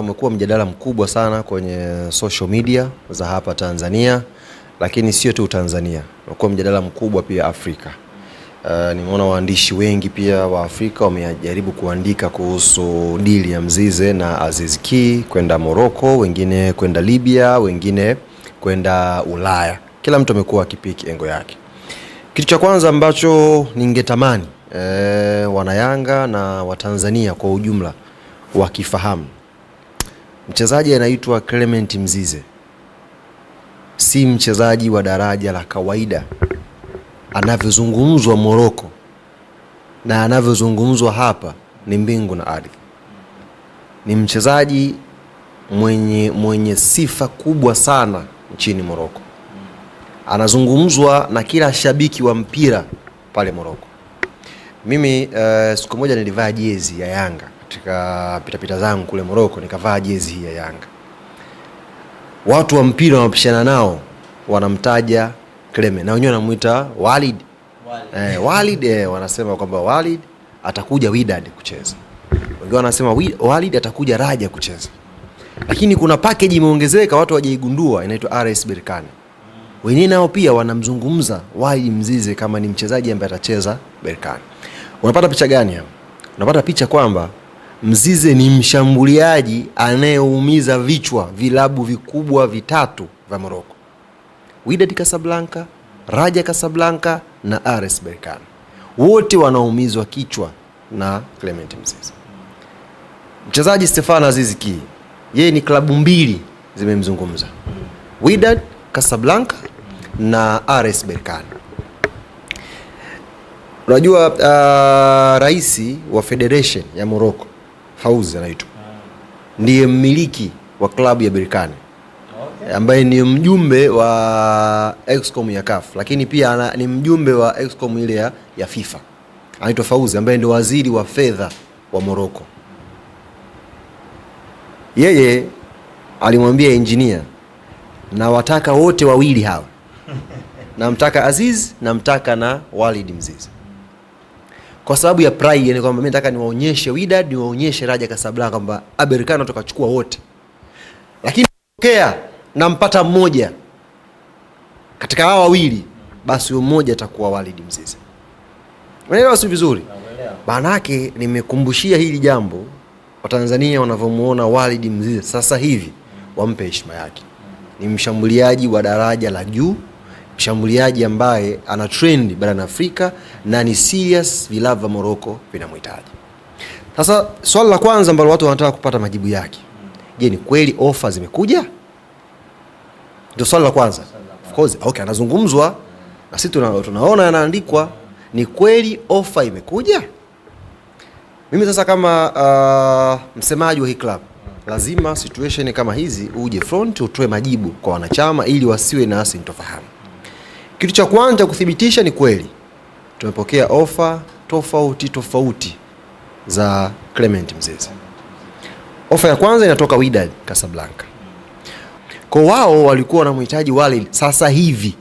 Umekuwa mjadala mkubwa sana kwenye social media za hapa Tanzania, lakini sio tu Tanzania, umekuwa mjadala mkubwa pia Afrika. Uh, nimeona waandishi wengi pia wa Afrika wamejaribu kuandika kuhusu dili ya Mzize na Aziz Ki kwenda Morocco, wengine kwenda Libya, wengine kwenda Ulaya. Kila mtu amekuwa akipiki engo yake. Kitu cha kwanza ambacho ningetamani eh, wanayanga na Watanzania kwa ujumla wakifahamu Mchezaji anaitwa Clement Mzize, si mchezaji wa daraja la kawaida anavyozungumzwa Moroko na anavyozungumzwa hapa ni mbingu na ardhi. Ni mchezaji mwenye, mwenye sifa kubwa sana nchini Moroko, anazungumzwa na kila shabiki wa mpira pale Moroko. Mimi uh, siku moja nilivaa jezi ya Yanga katika pitapita zangu kule Moroko nikavaa jezi hii ya Yanga. Watu wa mpira wanapishana nao wanamtaja Kleme na wenyewe wanamuita Walid. Walid. Eh, Walid eh, wanasema kwamba Walid atakuja Wydad kucheza. Wengine wanasema Walid atakuja Raja kucheza. Lakini kuna package imeongezeka watu hawajaigundua inaitwa RS Berkane. Mm. Wenyewe nao pia wanamzungumza Walid Mzize kama ni mchezaji ambaye atacheza Berkane. Unapata picha gani hapa? Unapata picha kwamba Mzize ni mshambuliaji anayeumiza vichwa vilabu vikubwa vitatu vya Moroko: Wydad Casablanca, Raja Casablanca na RS Berkane. Wote wanaumizwa kichwa na Clement Mzize. Mchezaji Stefano Aziz Ki, yeye ni klabu mbili zimemzungumza, Wydad Casablanca na RS Berkane. Unajua uh, rais wa federation ya Morocco House anaitwa ndiye mmiliki wa klabu ya Berkane ambaye ni mjumbe wa Excom ya CAF lakini pia ana, ni mjumbe wa Excom ile ya, ya FIFA anaitwa Fauzi ambaye ndio waziri wa fedha wa Morocco. Yeye alimwambia engineer, na wataka wote wawili hawa, namtaka Aziz namtaka na Walid Mzizi kwa sababu ya pride, yani kwamba mimi nataka niwaonyeshe Wydad, niwaonyeshe Raja Casablanca kwamba Aberkano tukachukua wote, lakini tokea nampata mmoja katika hawa wawili, basi huyo mmoja atakuwa Walid Mzize. Unaelewa si vizuri? Maana nimekumbushia hili jambo Watanzania wanavyomuona Walid Mzize sasa hivi, wampe heshima yake. Ni mshambuliaji wa daraja la juu mshambuliaji ambaye ana trend barani Afrika na ni serious vilava Morocco vinamhitaji. Sasa swali la kwanza ambalo watu wanataka kupata majibu yake, je, ni kweli ofa zimekuja? Ndio swali la kwanza. Of course, okay, anazungumzwa na sisi tuna, tunaona yanaandikwa, ni kweli ofa imekuja? Mimi sasa kama uh, msemaji wa hii club lazima situation kama hizi uje front utoe majibu kwa wanachama ili wasiwe na sintofahamu. Kitu cha kwanza kuthibitisha ni kweli tumepokea ofa tofauti tofauti za Clement Mzeze. Ofa ya kwanza inatoka Wydad Casablanca, kwa wao walikuwa wanamhitaji Walid sasa hivi,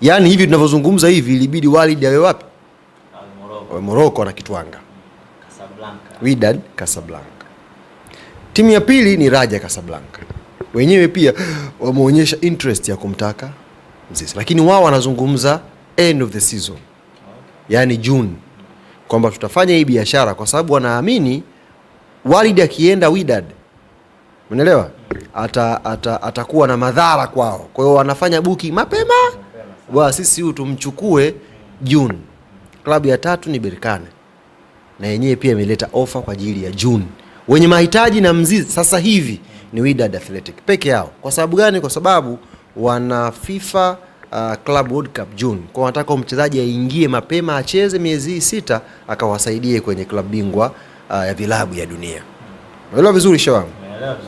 yaani hivi tunavyozungumza hivi, ilibidi Walid awe wapi? Morocco na Kitwanga. Wydad Casablanca. Timu ya pili ni Raja Casablanca, wenyewe pia wameonyesha interest ya kumtaka Mzizi, lakini wao wanazungumza end of the season, yani June, kwamba tutafanya hii biashara kwa sababu wanaamini Walid akienda Wydad, unaelewa, ata, ata, atakuwa na madhara kwao. Kwa hiyo wanafanya buki mapema, bwana, sisi huyu tumchukue June. Klabu ya tatu ni Berkane na yenyewe pia imeleta ofa kwa ajili ya June. Wenye mahitaji na Mzizi sasa hivi ni Wydad Athletic peke yao. Kwa sababu gani? Kwa sababu wana FIFA uh, Club World Cup June. Kwa wanataka mchezaji aingie mapema acheze miezi sita akawasaidie kwenye klabu bingwa uh, ya vilabu ya dunia. Unaelewa vizuri shawangu? wangu?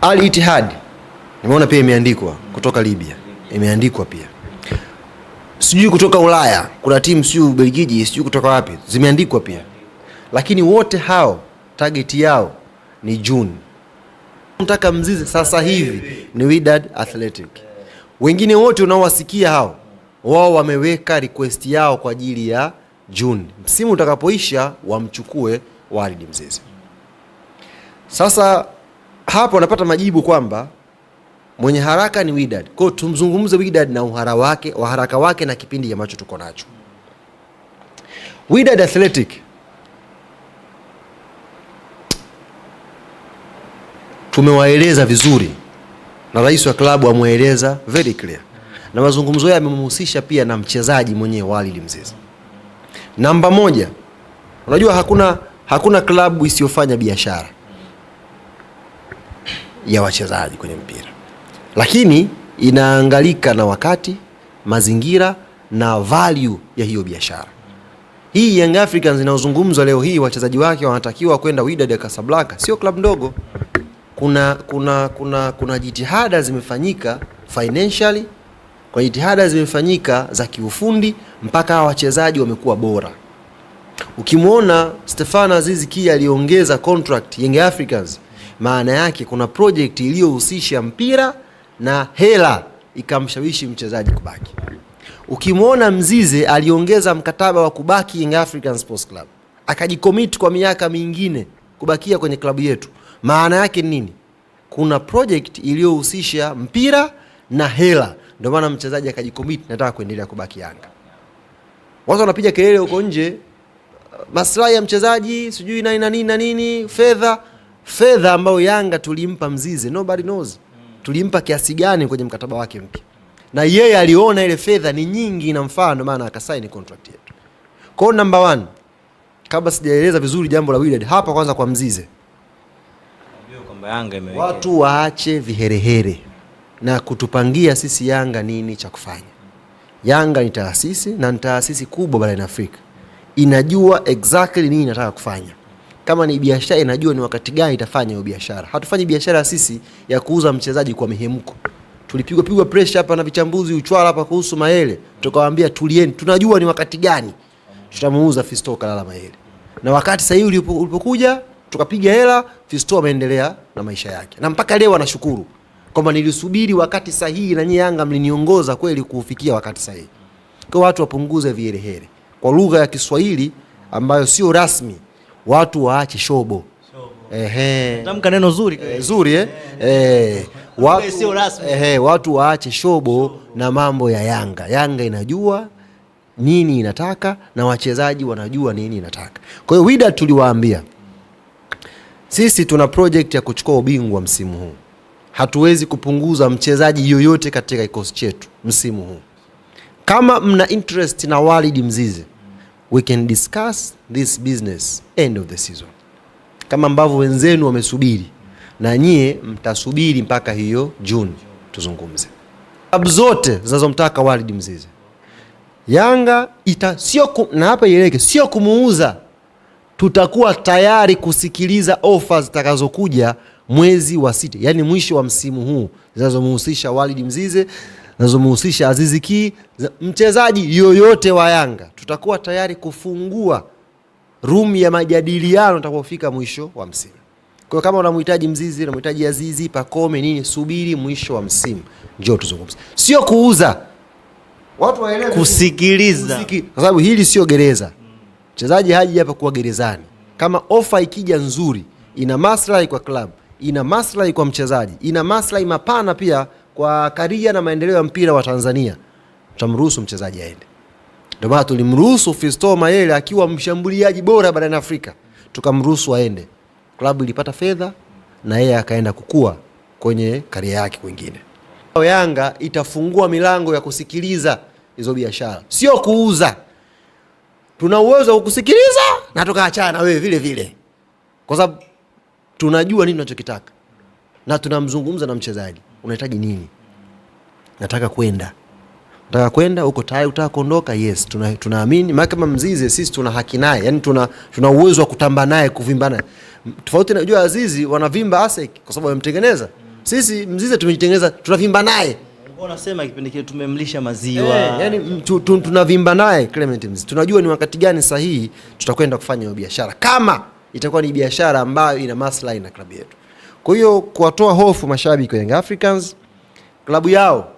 Al Ittihad nimeona pia imeandikwa kutoka Libya. Imeandikwa pia. Sijui kutoka Ulaya, kuna timu sijui Ubelgiji, sijui kutoka wapi. Zimeandikwa pia. Lakini wote hao target yao ni June mtaka mzizi sasa hivi ni Wydad Athletic. Wengine wote unaowasikia hao wao wameweka request yao kwa ajili ya June, msimu utakapoisha wamchukue Walid mzizi Sasa hapo wanapata majibu kwamba mwenye haraka ni Wydad. Kwa hiyo tumzungumze Wydad na uhara wake, waharaka wake na kipindi ambacho tuko nacho. Wydad Athletic tumewaeleza vizuri na rais wa klabu amwaeleza very clear, na mazungumzo hayo yamemhusisha pia na mchezaji mwenyewe Walid Mzize. Namba moja, unajua hakuna hakuna klabu isiyofanya biashara ya wachezaji kwenye mpira, lakini inaangalika na wakati, mazingira na value ya hiyo biashara. Hii Young Africans inayozungumzwa leo hii, wachezaji wake wanatakiwa kwenda Wydad ya Casablanca, sio klabu ndogo kuna, kuna, kuna, kuna jitihada zimefanyika financially, kuna jitihada zimefanyika za kiufundi mpaka wachezaji wamekuwa bora. Ukimwona Stefano Aziz Ki aliongeza contract Young Africans, maana yake kuna project iliyohusisha mpira na hela ikamshawishi mchezaji kubaki. Ukimwona Mzize aliongeza mkataba wa kubaki Young African Sports Club, akajikomit kwa miaka mingine kubakia kwenye klabu yetu. Maana yake nini? Kuna project iliyohusisha mpira na hela, ndio maana mchezaji akajikomit, nataka kuendelea kubaki Yanga. Watu wanapiga kelele huko nje, maslahi ya mchezaji sijui nani na nini na nini, fedha fedha ambayo Yanga tulimpa Mzize, nobody knows tulimpa kiasi gani kwenye mkataba wake mpya, na yeye aliona ile fedha ni nyingi inamfaa, ndio maana akasaini contract yetu. Kwa hiyo number one, kabla sijaeleza vizuri jambo la Wydad hapa, kwanza kwa Mzize Yanga watu waache viherehere na kutupangia sisi Yanga nini cha kufanya. Yanga ni taasisi na ni taasisi kubwa barani Afrika, inajua exactly nini inataka kufanya. Kama ni biashara, inajua ni wakati gani itafanya hiyo biashara. Hatufanyi biashara sisi ya kuuza mchezaji kwa mihemko. Tulipigwa pigwa pressure hapa na vichambuzi uchwala hapa kuhusu Mayele, tukawaambia tulieni, tunajua ni wakati gani tutamuuza Fiston Kalala Mayele, na wakati sahihi ulipokuja tukapiga hela, Fisto ameendelea na maisha yake, na mpaka leo anashukuru kwamba nilisubiri wakati sahihi na nyie Yanga mliniongoza kweli kuufikia wakati sahihi. Kwa watu wapunguze viherehere, kwa lugha ya Kiswahili ambayo sio rasmi, watu waache shobo. Ehe, tamka neno zuri, e, zuri eh? E, watu, ehe, watu waache shobo, shobo na mambo ya Yanga. Yanga inajua nini inataka na wachezaji wanajua nini inataka. Kwa hiyo Wydad tuliwaambia sisi tuna project ya kuchukua ubingwa msimu huu. Hatuwezi kupunguza mchezaji yoyote katika kikosi chetu msimu huu. Kama mna interest na Walid Mzize, we can discuss this business end of the season, kama ambavyo wenzenu wamesubiri na nyie mtasubiri mpaka hiyo June tuzungumze. Klabu zote zinazomtaka Walid Mzize Yanga ita sio na hapa ieleke sio kumuuza tutakuwa tayari kusikiliza ofa zitakazokuja mwezi wa sita, yani mwisho wa msimu huu zinazomhusisha Walid Mzize, zinazomhusisha Azizi Ki, mchezaji yoyote wa Yanga. Tutakuwa tayari kufungua room ya majadiliano utakapofika mwisho wa msimu. Kwa kama unamhitaji Mzizi, unamhitaji Azizi, Pakome, nini, subiri mwisho wa msimu njoo tuzungumze, sio kuuza watu waelewe, kusikiliza, kwa sababu hili sio gereza. Mchezaji haji hapa kuwa gerezani. Kama ofa ikija nzuri, ina maslahi kwa klabu, ina maslahi kwa mchezaji, ina maslahi mapana pia kwa karia na maendeleo ya mpira wa Tanzania, tutamruhusu mchezaji aende. Ndio maana tulimruhusu Fisto Mayele akiwa mshambuliaji bora barani Afrika, tukamruhusu aende. Klabu ilipata fedha na yeye akaenda kukua kwenye karia yake kwingine. Yanga itafungua milango ya kusikiliza hizo biashara, sio kuuza tuna uwezo wa kukusikiliza na tukaachana na wewe vile vile, kwa sababu tunajua nini tunachokitaka na tunamzungumza na mchezaji, unahitaji nini? Nataka kwenda, nataka kwenda huko, tayari utaka kuondoka? Yes, tunaamini tuna, kama Mzize sisi tuna haki naye, yani tuna tuna uwezo wa kutamba naye, kuvimbana, tofauti na jua Azizi wanavimba Asek kwa sababu wamemtengeneza. Sisi Mzize tumejitengeneza, tunavimba naye. Unasema kipindi kile tumemlisha maziwa. Hey, eh, yani tunavimba naye Clement Mzizi. Tunajua ni wakati gani sahihi tutakwenda kufanya hiyo biashara kama itakuwa ni biashara ambayo ina maslahi na klabu yetu. Kwa hiyo kuwatoa hofu mashabiki wa Young Africans, klabu yao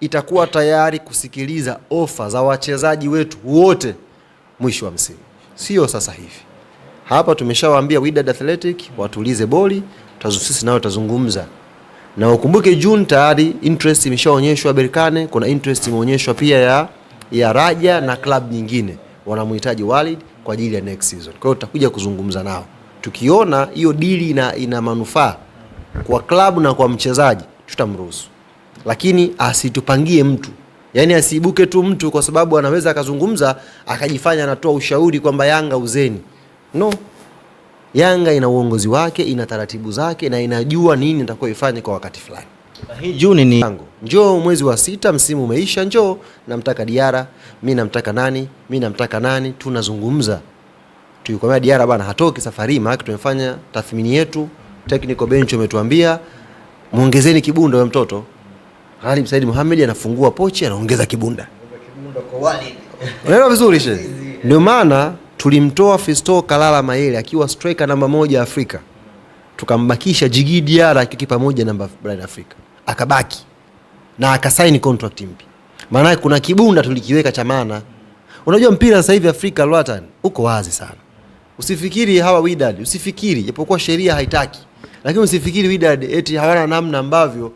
itakuwa tayari kusikiliza ofa za wachezaji wetu wote mwisho wa msimu, sio sasa hivi. Hapa tumeshawaambia Wydad Athletic watulize boli, sisi nao tutazungumza na ukumbuke June tayari interest imeshaonyeshwa Berkane, kuna interest imeonyeshwa pia ya, ya Raja na club nyingine wanamhitaji Walid kwa ajili ya next season. Kwa hiyo tutakuja kuzungumza nao tukiona hiyo dili ina, ina manufaa kwa klabu na kwa mchezaji tutamruhusu, lakini asitupangie mtu yaani asiibuke tu mtu kwa sababu anaweza akazungumza akajifanya anatoa ushauri kwamba Yanga uzeni, no. Yanga ina uongozi wake, ina taratibu zake na inajua nini ifanye kwa wakati fulani. Hii Juni ni yangu, njoo mwezi wa sita, msimu umeisha, njoo namtaka Diara, mi namtaka nani, mi namtaka nani, tunazungumza tuikwambia Diara bana hatoki safari, maana tumefanya tathmini yetu, technical bench umetuambia muongezeni kibunda Wewe mtoto. Ghalib Said Mohamed anafungua pochi, anaongeza kibunda, kibunda kwa unaelewa vizuri shehe, ndio maana tulimtoa Fisto Kalala Mayele akiwa striker namba moja Afrika, tukambakisha Jigi Diarra akiwa kipa moja namba barani Afrika, akabaki na akasaini contract mpya. Maana kuna kibunda tulikiweka cha maana. Unajua mpira sasa hivi Afrika Lwatan uko wazi sana, usifikiri hawa Wydad, usifikiri japokuwa sheria haitaki, lakini usifikiri Wydad eti hawana namna ambavyo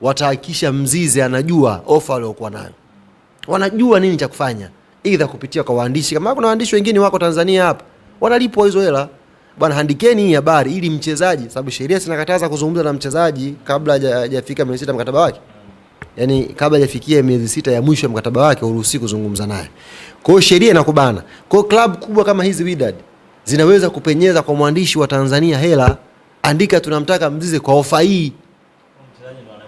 watahakikisha mzizi anajua ofa aliyokuwa nayo, wanajua nini cha kufanya. Either kupitia kwa waandishi, kama kuna waandishi wengine wako Tanzania hapa wanalipwa hizo hela bwana, andikeni hii habari ili mchezaji, sababu sheria zinakataza kuzungumza na mchezaji kabla hajafika miezi sita mkataba wake, yani kabla hajafikia miezi sita ya mwisho ya mkataba wake uruhusi kuzungumza naye. Kwa hiyo sheria inakubana. Kwa hiyo klabu kubwa kama hizi Wydad zinaweza kupenyeza kwa mwandishi wa Tanzania hela, andika tunamtaka Mzize kwa ofa hii.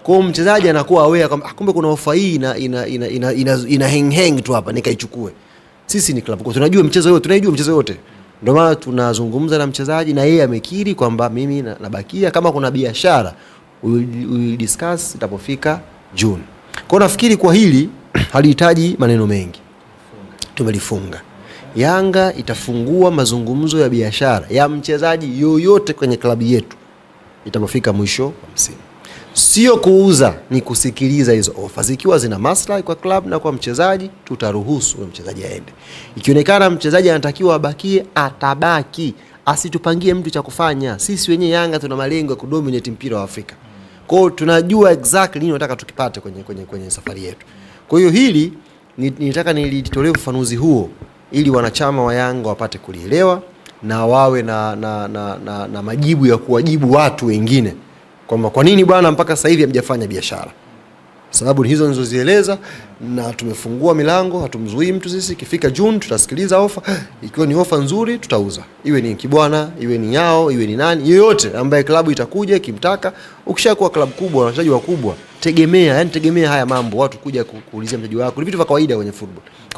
Kwa hiyo mchezaji anakuwa aware kwamba ah, kumbe kuna ofa hii ina ina ina, ina, ina, ina hang hang tu hapa nikaichukue. Sisi ni klabu, tunajua mchezo yote, tunajua mchezo yote. Ndio maana tunazungumza na mchezaji na yeye amekiri kwamba mimi nabakia, kama kuna biashara we discuss itapofika June. Kwa nafikiri kwa hili halihitaji maneno mengi, tumelifunga. Yanga itafungua mazungumzo ya biashara ya mchezaji yoyote kwenye klabu yetu itapofika mwisho wa msimu sio kuuza, ni kusikiliza hizo ofa. Zikiwa zina maslahi kwa club na kwa mchezaji, tutaruhusu mchezaji aende. Ikionekana mchezaji anatakiwa abakie, atabaki, asitupangie mtu cha kufanya. Sisi wenyewe Yanga tuna malengo ya kudominate mpira wa Afrika, kwa hiyo tunajua exactly nini nataka tukipate kwenye, kwenye, kwenye safari yetu. Kwa hiyo hili nilitaka nilitolee ufafanuzi huo ili wanachama wa Yanga wapate kulielewa na wawe na, na, na, na, na majibu ya kuwajibu watu wengine kwamba kwa nini bwana mpaka sasa hivi hamjafanya biashara. Sababu hizo nilizozieleza, na tumefungua milango, hatumzuii mtu. Sisi ikifika Juni tutasikiliza ofa, ikiwa ni ofa nzuri tutauza, iwe ni kibwana, iwe ni yao, iwe ni nani yoyote ambaye klabu itakuja ikimtaka. Ukishakuwa klabu kubwa na wachezaji wakubwa, tegemea yani, tegemea haya mambo, watu kuja kuulizia mtaji wako, ni vitu vya kawaida kwenye football.